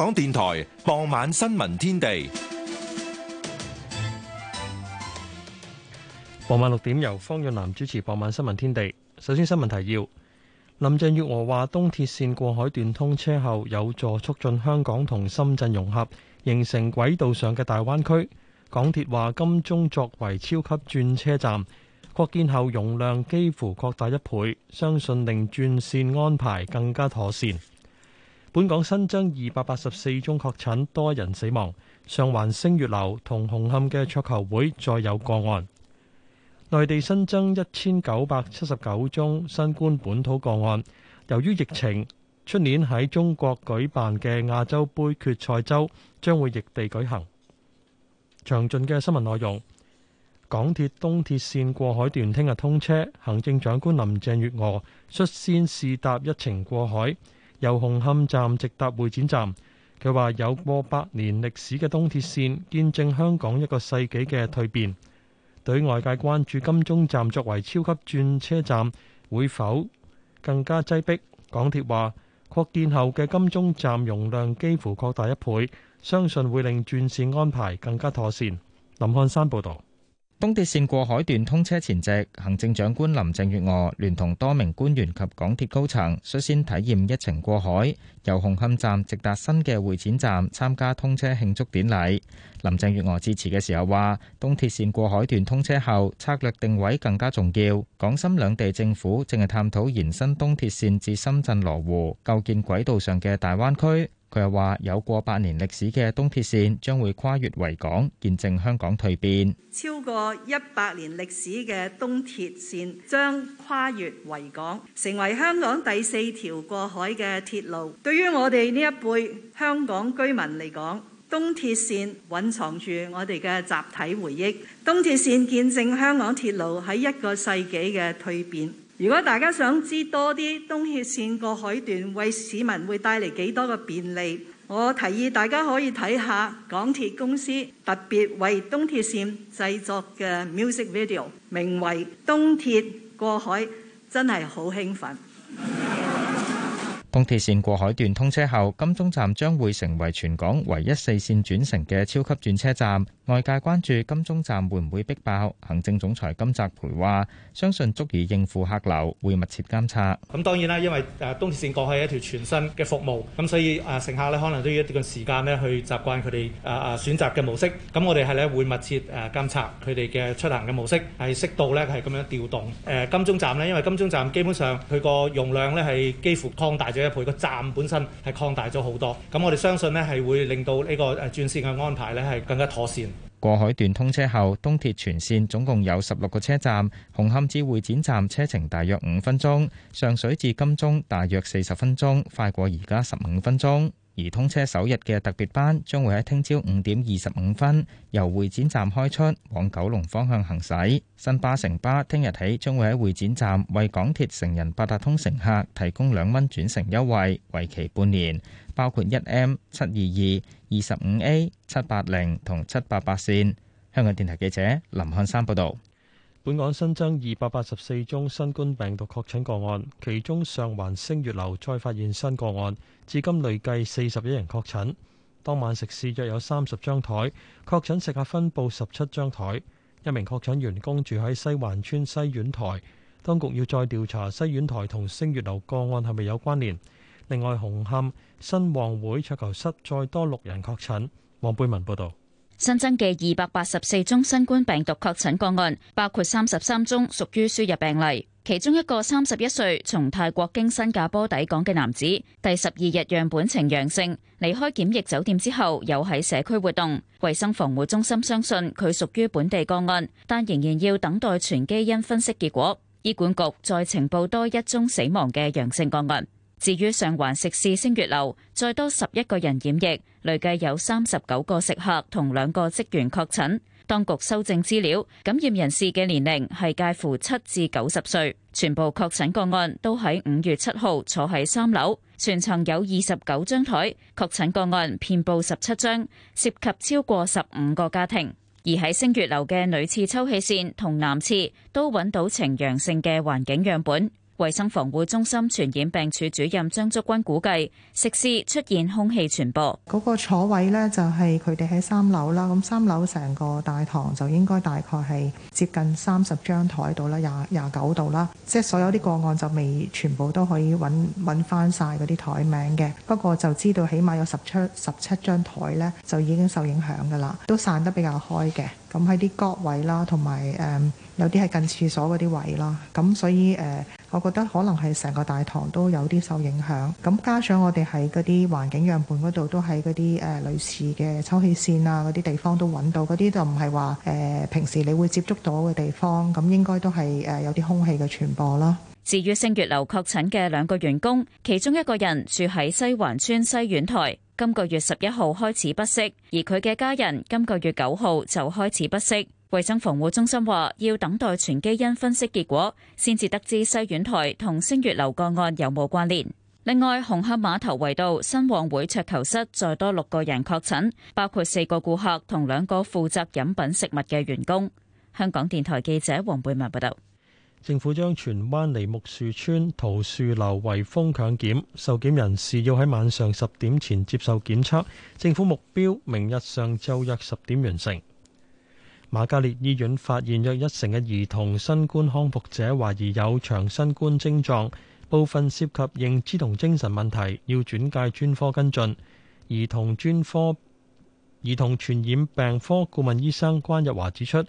港電台傍晚新聞天地，傍晚六點由方潤南主持。傍晚新聞天地，首先新聞提要：林鄭月娥話，東鐵線過海段通車後，有助促進香港同深圳融合，形成軌道上嘅大灣區。港鐵話，金鐘作為超級轉車站，擴建後容量幾乎擴大一倍，相信令轉線安排更加妥善。本港新增二百八十四宗確診，多人死亡。上環星月樓同紅磡嘅桌球會再有個案。內地新增一千九百七十九宗新冠本土個案。由於疫情，出年喺中國舉辦嘅亞洲杯決賽周將會異地舉行。詳盡嘅新聞內容：港鐵東鐵線過海段聽日通車。行政長官林鄭月娥率先試搭一程過海。由紅磡站直達會展站，佢話有過百年歷史嘅東鐵綫見證香港一個世紀嘅蛻變。對外界關注金鐘站作為超級轉車站，會否更加擠迫？港鐵話擴建後嘅金鐘站容量幾乎擴大一倍，相信會令轉綫安排更加妥善。林漢山報道。東鐵綫過海段通車前夕，行政長官林鄭月娥聯同多名官員及港鐵高層率先體驗一程過海，由紅磡站直達新嘅會展站，參加通車慶祝典禮。林鄭月娥致辭嘅時候話，東鐵綫過海段通車後，策略定位更加重要。港深兩地政府正係探討延伸東鐵綫至深圳羅湖，構建軌道上嘅大灣區。佢又話：有過百年歷史嘅東鐵線將會跨越維港，見證香港蛻變。超過一百年歷史嘅東鐵線將跨越維港，成為香港第四條過海嘅鐵路。對於我哋呢一輩香港居民嚟講，東鐵線藴藏住我哋嘅集體回憶。東鐵線見證香港鐵路喺一個世紀嘅蛻變。如果大家想知多啲東鐵線過海段為市民會帶嚟幾多嘅便利，我提議大家可以睇下港鐵公司特別為東鐵線製作嘅 music video，名為《東鐵過海》，真係好興奮。東鐵線過海段通車後，金鐘站將會成為全港唯一四線轉乘嘅超級轉車站。外界關注金鐘站會唔會逼爆？行政總裁金澤培話：相信足以應付客流，會密切監察。咁當然啦，因為誒東鐵線過海係一條全新嘅服務，咁所以誒乘客咧可能都要一段時間咧去習慣佢哋誒誒選擇嘅模式。咁我哋係咧會密切誒監察佢哋嘅出行嘅模式，係適度咧係咁樣調動。誒金鐘站咧，因為金鐘站基本上佢個容量咧係幾乎擴大咗。嘅陪個站本身係擴大咗好多，咁我哋相信呢係會令到呢個誒轉線嘅安排呢係更加妥善。過海段通車後，東鐵全線總共有十六個車站，紅磡至會展站車程大約五分鐘，上水至金鐘大約四十分鐘，快過而家十五分鐘。而通車首日嘅特別班將會喺聽朝五點二十五分由會展站開出往九龍方向行駛。新巴城巴聽日起將會喺會展站為港鐵成人八達通乘客提供兩蚊轉乘優惠，為期半年，包括一 M 七二二、二十五 A 七八零同七八八線。香港電台記者林漢山報道。本港新增二百八十四宗新冠病毒確診個案，其中上環星月樓再發現新個案，至今累計四十一人確診。當晚食肆約有三十張台，確診食客分布十七張台。一名確診員工住喺西環村西苑台，當局要再調查西苑台同星月樓個案係咪有關聯。另外，紅磡新旺會桌球室再多六人確診，黃貝文報道。新增嘅二百八十四宗新冠病毒確診個案，包括三十三宗屬於輸入病例。其中一個三十一歲從泰國經新加坡抵港嘅男子，第十二日樣本呈陽性，離開檢疫酒店之後有喺社區活動。衛生防護中心相信佢屬於本地個案，但仍然要等待全基因分析結果。醫管局再呈報多一宗死亡嘅陽性個案。至於上環食肆星月樓，再多十一個人染疫。累計有三十九個食客同兩個職員確診，當局修正資料，感染人士嘅年齡係介乎七至九十歲，全部確診個案都喺五月七號坐喺三樓，全層有二十九張台，確診個案遍布十七張，涉及超過十五個家庭。而喺星月樓嘅女廁抽氣扇同男廁都揾到呈陽性嘅環境樣本。衛生防護中心傳染病處主任張竹君估計食肆出現空氣傳播嗰個坐位呢，就係佢哋喺三樓啦。咁三樓成個大堂就應該大概係接近三十張台度啦，廿廿九度啦。即係所有啲個案就未全部都可以揾揾翻晒嗰啲台名嘅。不過就知道起碼有十七十七張台呢，就已經受影響噶啦，都散得比較開嘅。咁喺啲角位啦，同埋誒有啲係近廁所嗰啲位啦。咁所以誒。呃我覺得可能係成個大堂都有啲受影響，咁加上我哋喺嗰啲環境樣本嗰度都喺嗰啲誒類似嘅抽氣線啊嗰啲地方都揾到，嗰啲就唔係話誒平時你會接觸到嘅地方，咁應該都係誒有啲空氣嘅傳播啦。至於星月樓確診嘅兩個員工，其中一個人住喺西環邨西苑台，今個月十一號開始不適，而佢嘅家人今個月九號就開始不適。衛生防護中心話要等待全基因分析結果，先至得知西苑台同星月樓個案有冇關聯。另外，紅磡碼頭圍道新旺會桌球室再多六個人確診，包括四個顧客同兩個負責飲品食物嘅員工。香港電台記者黃貝文報道。政府將荃灣梨木樹村桃樹樓圍封強檢，受檢人士要喺晚上十點前接受檢測。政府目標明日上晝約十點完成。瑪嘉烈醫院發現約一成嘅兒童新冠康復者懷疑有長新冠症狀，部分涉及認知同精神問題，要轉介專科跟進。兒童專科、兒童傳染病科顧問醫生關日華指出，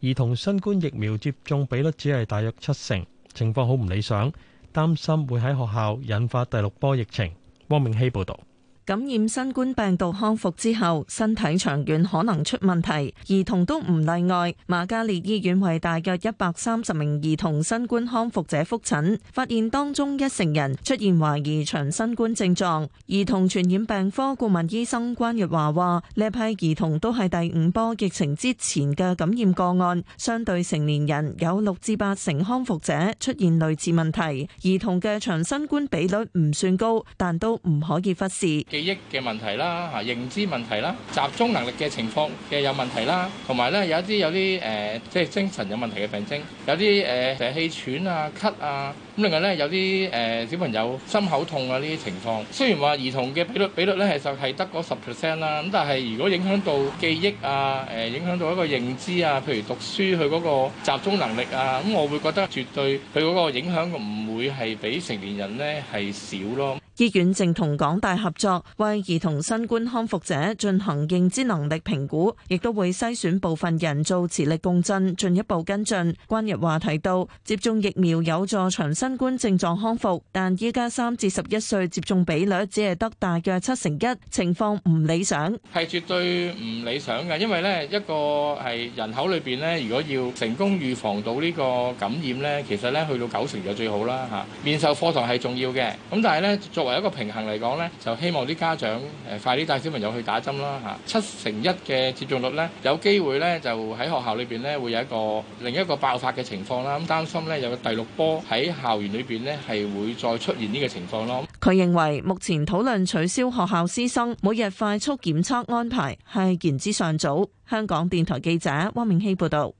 兒童新冠疫苗接種比率只係大約七成，情況好唔理想，擔心會喺學校引發第六波疫情。汪永熙報道。感染新冠病毒康復之後，身體長遠可能出問題，兒童都唔例外。瑪嘉烈醫院為大約一百三十名兒童新冠康復者復診，發現當中一成人出現懷疑長新冠症狀。兒童傳染病科顧問醫生關玉華話呢批兒童都係第五波疫情之前嘅感染個案，相對成年人有六至八成康復者出現類似問題，兒童嘅長新冠比率唔算高，但都唔可以忽視。記憶嘅問題啦，吓、啊、認知問題啦、啊，集中能力嘅情況嘅有問題啦，同埋咧有一啲有啲誒、呃，即係精神有問題嘅病症，有啲誒，呃、氣喘啊，咳啊。咁另外咧，有啲誒小朋友心口痛啊，呢啲情況，雖然話兒童嘅比率比率咧其實係得嗰十 percent 啦，咁但係如果影響到記憶啊、誒影響到一個認知啊，譬如讀書佢嗰個集中能力啊，咁我會覺得絕對佢嗰個影響唔會係比成年人咧係少咯。醫院正同港大合作，為兒童新冠康復者進行認知能力評估，亦都會篩選部分人做磁力共振進一步跟進。關日華提到，接種疫苗有助長新冠症狀康復，但依家三至十一歲接種比率只係得大約七成一，情況唔理想，係絕對唔理想嘅。因為咧一個係人口裏邊咧，如果要成功預防到呢個感染咧，其實咧去到九成就最好啦嚇。面授課堂係重要嘅，咁但係咧作為一個平衡嚟講咧，就希望啲家長誒快啲帶小朋友去打針啦嚇。七成一嘅接種率咧，有機會咧就喺學校裏邊咧會有一個另一個爆發嘅情況啦。咁擔心咧有個第六波喺校。校園裏邊咧係會再出現呢個情況咯。佢認為目前討論取消學校師生每日快速檢測安排係言之尚早。香港電台記者汪明熙報導。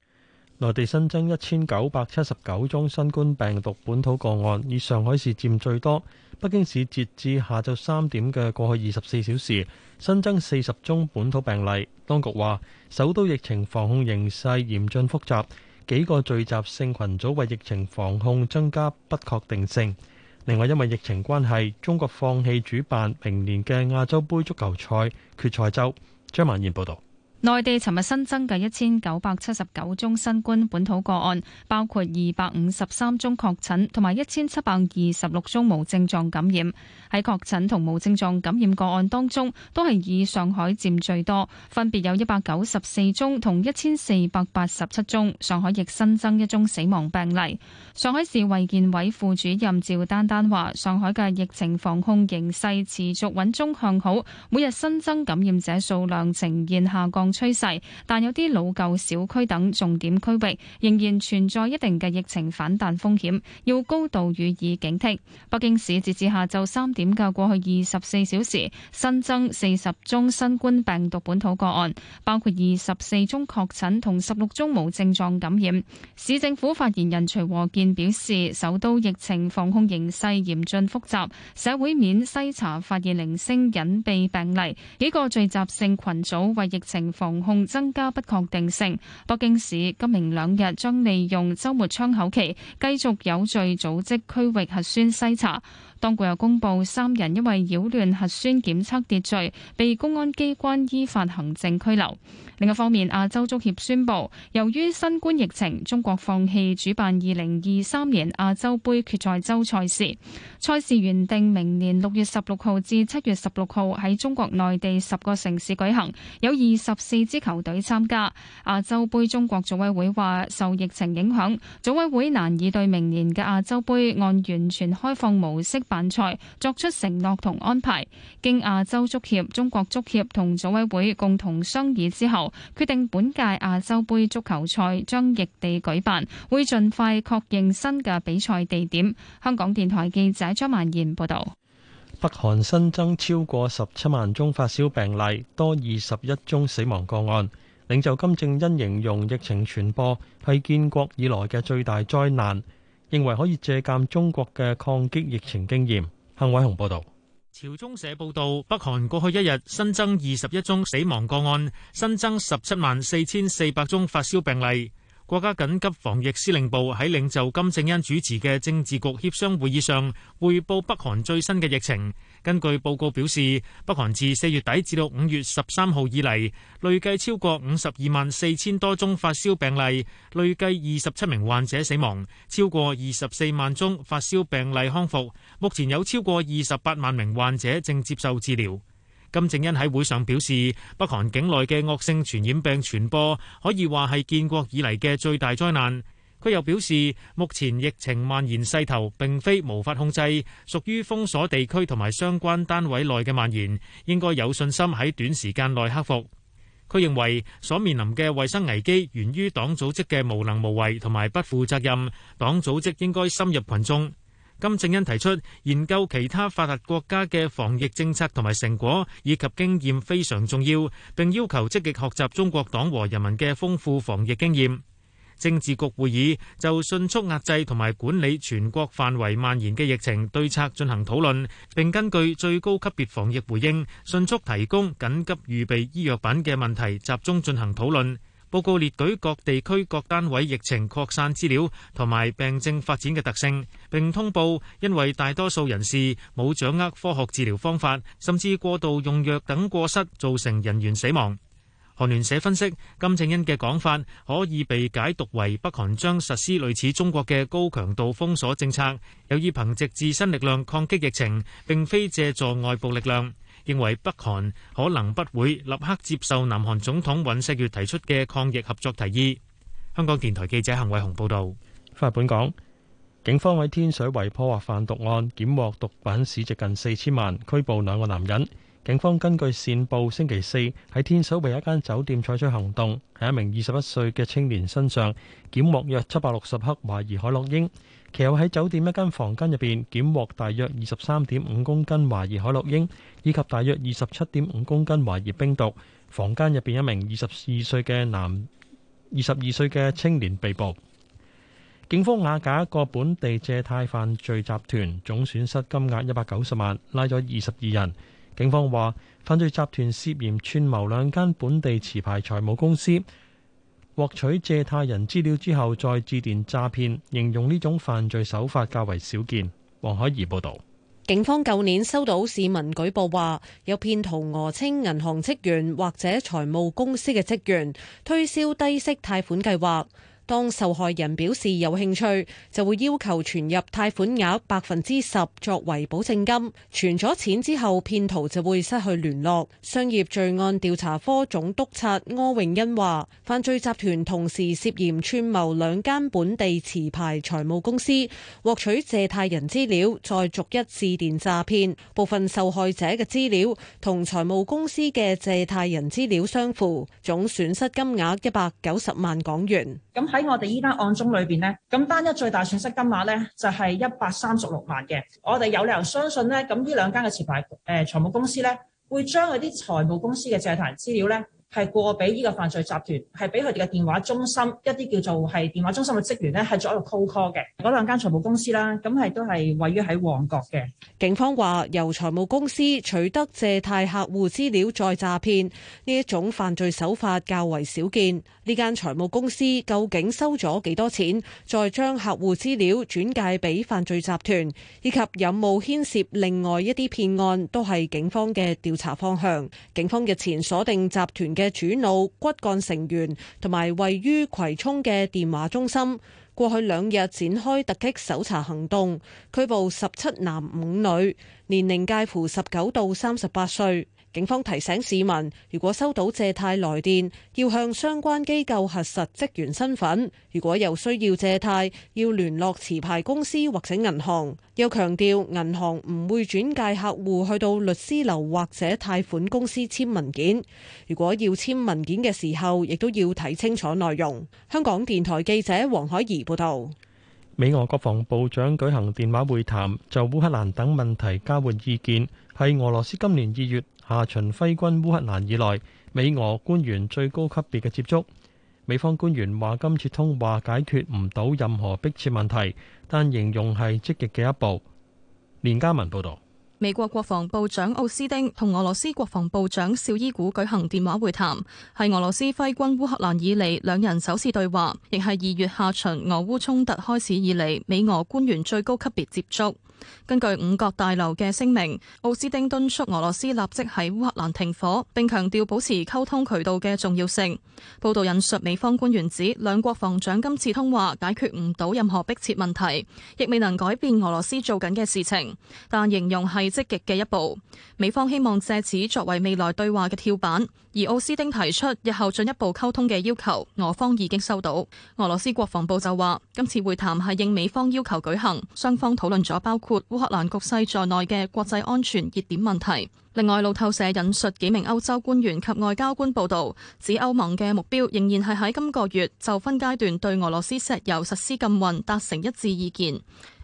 內地新增一千九百七十九宗新冠病毒本土個案，以上海市佔最多。北京市截至下晝三點嘅過去二十四小時新增四十宗本土病例。當局話，首都疫情防控形勢嚴峻複雜。幾個聚集性群組為疫情防控增加不確定性。另外，因為疫情關係，中國放棄主辦明年嘅亞洲杯足球賽決賽周。張曼燕報導。內地尋日新增嘅一千九百七十九宗新冠本土個案，包括二百五十三宗確診，同埋一千七百二十六宗無症狀感染。喺確診同無症狀感染個案當中，都係以上海佔最多，分別有一百九十四宗同一千四百八十七宗。上海亦新增一宗死亡病例。上海市衛健委副主任趙丹丹話，上海嘅疫情防控形勢持續穩中向好，每日新增感染者數量呈現下降趨勢，但有啲老舊小區等重點區域仍然存在一定嘅疫情反彈風險，要高度予以警惕。北京市截至下晝三點嘅過去二十四小時新增四十宗新冠病毒本土個案，包括二十四宗確診同十六宗無症狀感染。市政府發言人徐和建表示，首都疫情防控形勢嚴峻複雜，社會面篩查發現零星隱蔽病例，幾個聚集性群組為疫情。防控增加不確定性，北京市今明兩日將利用周末窗口期繼續有序組織區域核酸篩查。當局又公布三人因為擾亂核酸檢測秩序，被公安機關依法行政拘留。另一方面，亞洲足協宣布，由於新冠疫情，中國放棄主辦二零二三年亞洲盃決賽周賽事。賽事原定明年六月十六號至七月十六號喺中國內地十個城市舉行，有二十四支球隊參加。亞洲盃中國組委會話，受疫情影響，組委會難以對明年嘅亞洲盃按完全開放模式。辦賽作出承諾同安排，經亞洲足協、中國足協同組委會共同商議之後，決定本屆亞洲盃足球賽將易地舉辦，會盡快確認新嘅比賽地點。香港電台記者張曼燕報道。北韓新增超過十七萬宗發燒病例，多二十一宗死亡個案。領袖金正恩形容疫情傳播係建國以來嘅最大災難。認為可以借鑒中國嘅抗擊疫情經驗。向偉雄報道。朝中社報道，北韓過去一日新增二十一宗死亡個案，新增十七萬四千四百宗發燒病例。國家緊急防疫司令部喺領袖金正恩主持嘅政治局協商會議上，匯報北韓最新嘅疫情。根據報告表示,北韓自四月底至到五月十三號以嚟，累計超過五十二萬四千多宗發燒病例，累計二十七名患者死亡，超過二十四萬宗發燒病例康復。目前有超過二十八萬名患者正接受治療。金正恩喺會上表示，北韓境內嘅惡性傳染病傳播可以話係建國以嚟嘅最大災難。佢又表示，目前疫情蔓延勢頭並非無法控制，屬於封鎖地區同埋相關單位內嘅蔓延，應該有信心喺短時間內克服。佢認為所面臨嘅衛生危機源於黨組織嘅無能無為同埋不負責任，黨組織應該深入群眾。金正恩提出研究其他發達國家嘅防疫政策同埋成果以及經驗非常重要，並要求積極學習中國黨和人民嘅豐富防疫經驗。政治局會議就迅速壓制同埋管理全國範圍蔓延嘅疫情對策進行討論，並根據最高級別防疫回應迅速提供緊急預備醫藥品嘅問題集中進行討論。報告列舉各地區各單位疫情擴散資料同埋病症發展嘅特性，並通報因為大多數人士冇掌握科學治療方法，甚至過度用藥等過失，造成人員死亡。韓聯社分析，金正恩嘅講法可以被解讀為北韓將實施類似中國嘅高強度封鎖政策，有意憑藉自身力量抗擊疫情，並非借助外部力量。認為北韓可能不會立刻接受南韓總統尹錫悅提出嘅抗疫合作提議。香港電台記者邢偉雄報道。翻嚟本港，警方喺天水圍破獲販毒案，檢獲毒品市值近四千萬，拘捕兩個男人。警方根據線報，星期四喺天水圍一間酒店採取行動，喺一名二十一歲嘅青年身上檢獲約七百六十克懷疑海洛因。其後喺酒店一間房間入邊，檢獲大約二十三點五公斤懷疑海洛英，以及大約二十七點五公斤懷疑冰毒。房間入邊一名二十二歲嘅男，二十二歲嘅青年被捕。警方瓦解一個本地借貸犯罪集團，總損失金額一百九十萬，拉咗二十二人。警方話，犯罪集團涉嫌串謀兩間本地持牌財務公司。獲取借貸人資料之後，再致電詐騙，形容呢種犯罪手法較為少見。黃海怡報道，警方舊年收到市民舉報話，有騙徒訛稱銀行職員或者財務公司嘅職員推銷低息貸款計劃。當受害人表示有興趣，就會要求存入貸款額百分之十作為保證金。存咗錢之後，騙徒就會失去聯絡。商業罪案調查科總督察柯永恩話，犯罪集團同時涉嫌串謀兩間本地持牌財務公司，獲取借貸人資料，再逐一致電詐騙。部分受害者嘅資料，同財務公司嘅借貸人資料相符，總損失金額一百九十萬港元。咁喺我哋呢單案中裏邊咧，咁單一最大損失金額咧就係一百三十六萬嘅。我哋有理由相信咧，咁呢兩間嘅持牌誒、呃、財務公司咧，會將嗰啲財務公司嘅借貸資料咧。係過俾呢個犯罪集團，係俾佢哋嘅電話中心一啲叫做係電話中心嘅職員呢，係做一個 cold call 嘅嗰兩間財務公司啦，咁係都係位於喺旺角嘅。警方話由財務公司取得借貸客戶資料再詐騙呢一種犯罪手法較為少見。呢間財務公司究竟收咗幾多錢，再將客戶資料轉介俾犯罪集團，以及有冇牽涉另外一啲騙案，都係警方嘅調查方向。警方日前鎖定集團嘅。嘅主腦骨幹成員，同埋位於葵涌嘅電話中心，過去兩日展開突擊搜查行動，拘捕十七男五女，年齡介乎十九到三十八歲。警方提醒市民，如果收到借貸來電，要向相關機構核實職員身份。如果有需要借貸，要聯絡持牌公司或者銀行。又強調銀行唔會轉介客戶去到律師樓或者貸款公司簽文件。如果要簽文件嘅時候，亦都要睇清楚內容。香港電台記者黃海怡報道。美俄國防部長舉行電話會談，就烏克蘭等問題交換意見，係俄羅斯今年二月。下旬揮軍烏克蘭以來，美俄官員最高級別嘅接觸，美方官員話今次通話解決唔到任何迫切問題，但形容係積極嘅一步。連家文報道，美國國防部長奧斯丁同俄羅斯國防部長紹伊古舉行電話會談，係俄羅斯揮軍烏克蘭以嚟兩人首次對話，亦係二月下旬俄烏衝突開始以嚟美俄官員最高級別接觸。根據五角大樓嘅聲明，奧斯丁敦促俄羅斯立即喺烏克蘭停火，並強調保持溝通渠道嘅重要性。報道引述美方官員指，兩國防長今次通話解決唔到任何迫切問題，亦未能改變俄羅斯做緊嘅事情，但形容係積極嘅一步。美方希望借此作為未來對話嘅跳板。而奧斯丁提出日後進一步溝通嘅要求，俄方已經收到。俄羅斯國防部就話，今次會談係應美方要求舉行，雙方討論咗包括烏克蘭局勢在內嘅國際安全熱點問題。另外，路透社引述幾名歐洲官員及外交官報道，指歐盟嘅目標仍然係喺今個月就分階段對俄羅斯石油實施禁運達成一致意見。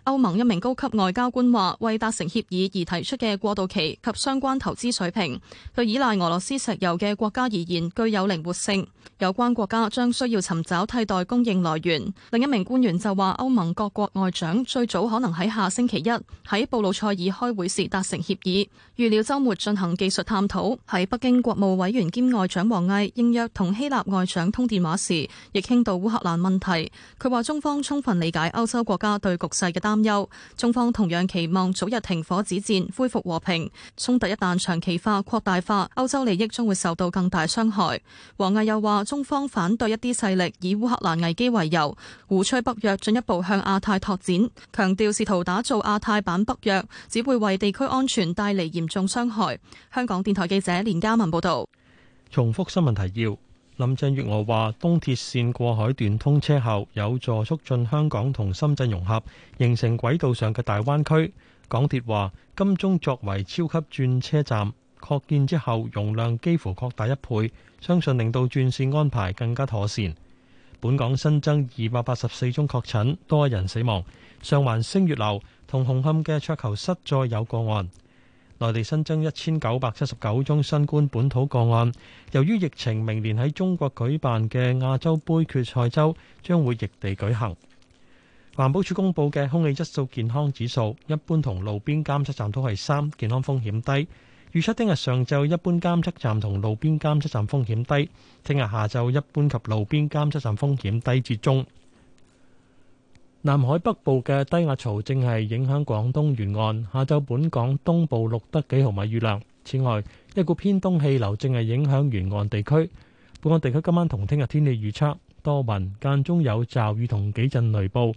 歐盟一名高級外交官話：為達成協議而提出嘅過渡期及相關投資水平，對依賴俄羅斯石油嘅國家而言具有靈活性。有關國家將需要尋找替代供應來源。另一名官員就話：歐盟各國外長最早可能喺下星期一喺布魯塞爾開會時達成協議，預料週末進行技術探討。喺北京國務委員兼外長王毅應約同希臘外長通電話時，亦傾到烏克蘭問題。佢話：中方充分理解歐洲國家對局勢嘅擔擔憂，中方同樣期望早日停火止戰，恢復和平。衝突一旦長期化、擴大化，歐洲利益將會受到更大傷害。王毅又話，中方反對一啲勢力以烏克蘭危機為由鼓吹北約進一步向亞太拓展，強調試圖打造亞太版北約只會為地區安全帶嚟嚴重傷害。香港電台記者連家文報道。重複新聞提要。林鄭月娥話：東鐵線過海段通車後，有助促進香港同深圳融合，形成軌道上嘅大灣區。港鐵話：金鐘作為超級轉車站，擴建之後容量幾乎擴大一倍，相信令到轉線安排更加妥善。本港新增二百八十四宗確診，多人死亡。上環星月樓同紅磡嘅桌球室再有個案。內地新增一千九百七十九宗新冠本土個案。由於疫情，明年喺中國舉辦嘅亞洲盃決賽周將會異地舉行。環保署公布嘅空氣質素健康指數，一般同路邊監測站都係三，健康風險低。預測聽日上晝一般監測站同路邊監測站風險低，聽日下晝一般及路邊監測站風險低至中。南海北部嘅低壓槽正係影響廣東沿岸，下晝本港東部錄得幾毫米雨量。此外，一股偏東氣流正係影響沿岸地區，本港地區今晚同聽日天氣預測多雲間中有驟雨同幾陣雷暴。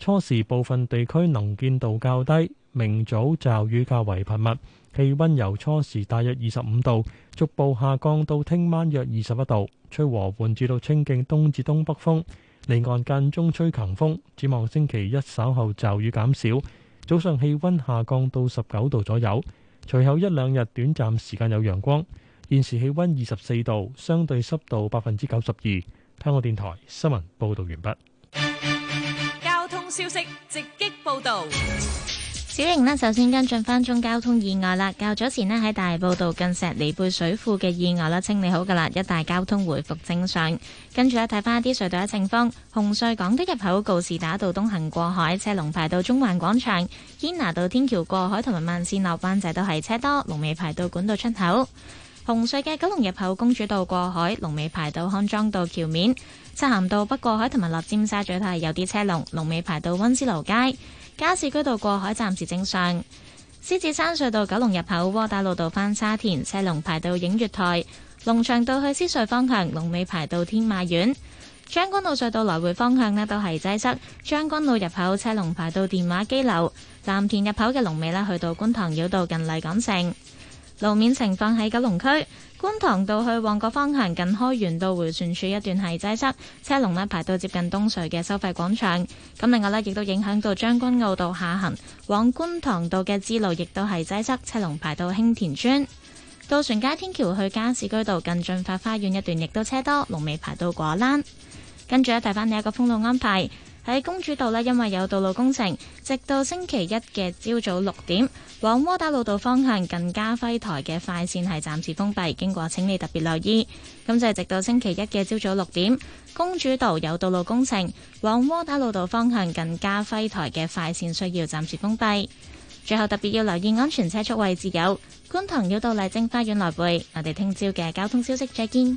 初時部分地區能見度較低，明早驟雨較為頻密。氣溫由初時大約二十五度，逐步下降到聽晚約二十一度。吹和緩至到清勁東至東北風。離岸間中吹強風，展望星期一稍後驟雨減少，早上氣溫下降到十九度左右，隨後一兩日短暫時間有陽光。現時氣溫二十四度，相對濕度百分之九十二。香港電台新聞報道完畢。交通消息直擊報道。小瑩呢，首先跟進翻中交通意外啦。較早前呢，喺大埔道近石梨貝水庫嘅意外咧，清理好噶啦，一帶交通回復正常。跟住呢，睇翻一啲隧道嘅情況，紅隧港島入口告士打道東行過海，車龍排到中環廣場；堅拿道天橋過海同埋慢線落灣仔都係車多，龍尾排到管道出口。紅隧嘅九龍入口公主道過海，龍尾排到康莊道橋面；漆咸道北過海同埋落尖沙咀都係有啲車龍，龍尾排到溫思勞街。加士居道過海暫時正常，獅子山隧道九龍入口窩打路道翻沙田車龍排到映月台，龍翔道去獅隧方向龍尾排到天馬苑，將軍澳隧道來回方向咧都係擠塞，將軍澳入口車龍排到電話機樓，藍田入口嘅龍尾咧去到觀塘繞道近麗港城。路面情況喺九龍區觀塘道去旺角方向，近開源道回旋處一段係擠塞，車龍咧排到接近東隧嘅收費廣場。咁另外呢，亦都影響到將軍澳道下行往觀塘道嘅支路，亦都係擠塞，車龍排到興田村。渡船街天橋去加士居道近駿發花園一段，亦都車多，龍尾排到果欄。跟住咧，睇翻你一個封路安排。喺公主道呢，因為有道路工程，直到星期一嘅朝早六點，往窩打老道方向近嘉輝臺嘅快線係暫時封閉，經過請你特別留意。咁就係直到星期一嘅朝早六點，公主道有道路工程，往窩打老道方向近嘉輝臺嘅快線需要暫時封閉。最後特別要留意安全車速位置，有觀塘繞道麗晶花園來回。我哋聽朝嘅交通消息，再見。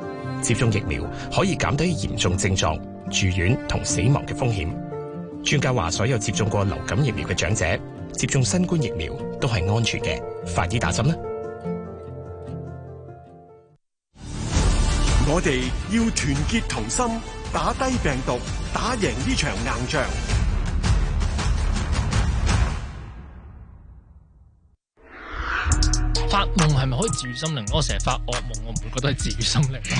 接種疫苗可以減低嚴重症狀、住院同死亡嘅風險。專家話，所有接種過流感疫苗嘅長者，接種新冠疫苗都係安全嘅，快啲打針啦！我哋要團結同心，打低病毒，打贏呢場硬仗。夢係咪可以治癒心靈？我成日發噩夢，我唔會覺得係治癒心靈。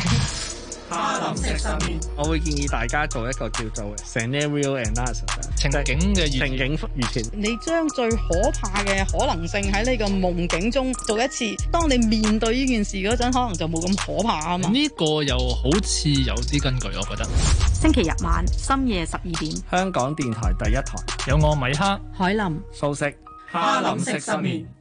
哈林食心眠，我會建議大家做一個叫做 “scenario analysis”，情景嘅情景預前。你將最可怕嘅可能性喺呢個夢境中做一次，當你面對呢件事嗰陣，可能就冇咁可怕啊嘛。呢個又好似有啲根據，我覺得。星期日晚深夜十二點，香港電台第一台有我米哈、海林、素食。哈林食心面。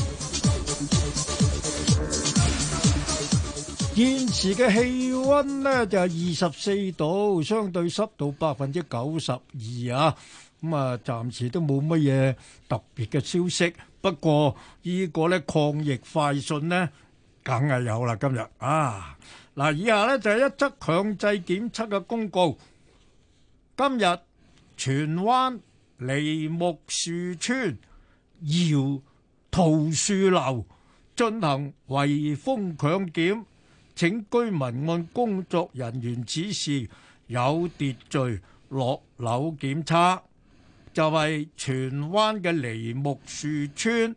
現時嘅氣溫呢，就係二十四度，相對濕度百分之九十二啊！咁、嗯、啊，暫時都冇乜嘢特別嘅消息。不過個呢個咧抗疫快訊呢，梗係有啦。今日啊，嗱、啊，以下呢，就係、是、一則強制檢測嘅公告。今日荃灣梨木樹村、窯桃樹樓進行圍封強檢。請居民按工作人員指示有秩序落樓檢測，就係荃灣嘅梨木樹村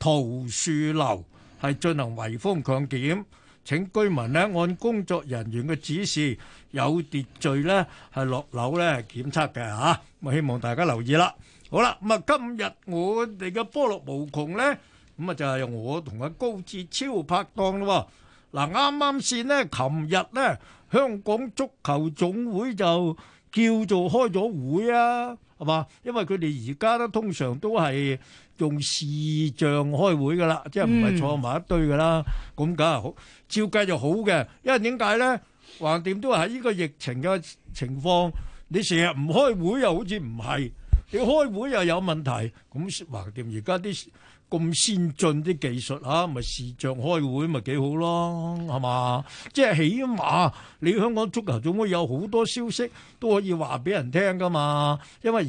桃樹樓係進行圍封強檢，請居民咧按工作人員嘅指示有秩序咧係落樓咧檢測嘅吓，咁啊希望大家留意啦。好啦，咁啊今日我哋嘅波落無窮咧，咁啊就係我同阿高志超拍檔咯。嗱啱啱先咧，琴日咧，香港足球總會就叫做開咗會啊，係嘛？因為佢哋而家都通常都係用視像開會噶啦，即係唔係坐埋一堆噶啦，咁梗係好，照計就好嘅。因為點解咧？橫掂都係喺呢個疫情嘅情況，你成日唔開會又好似唔係，你開會又有問題，咁橫掂而家啲。咁先進啲技術啊，咪視像開會咪幾好咯，係嘛？即係起碼你香港足球總會，有好多消息都可以話俾人聽㗎嘛，因為。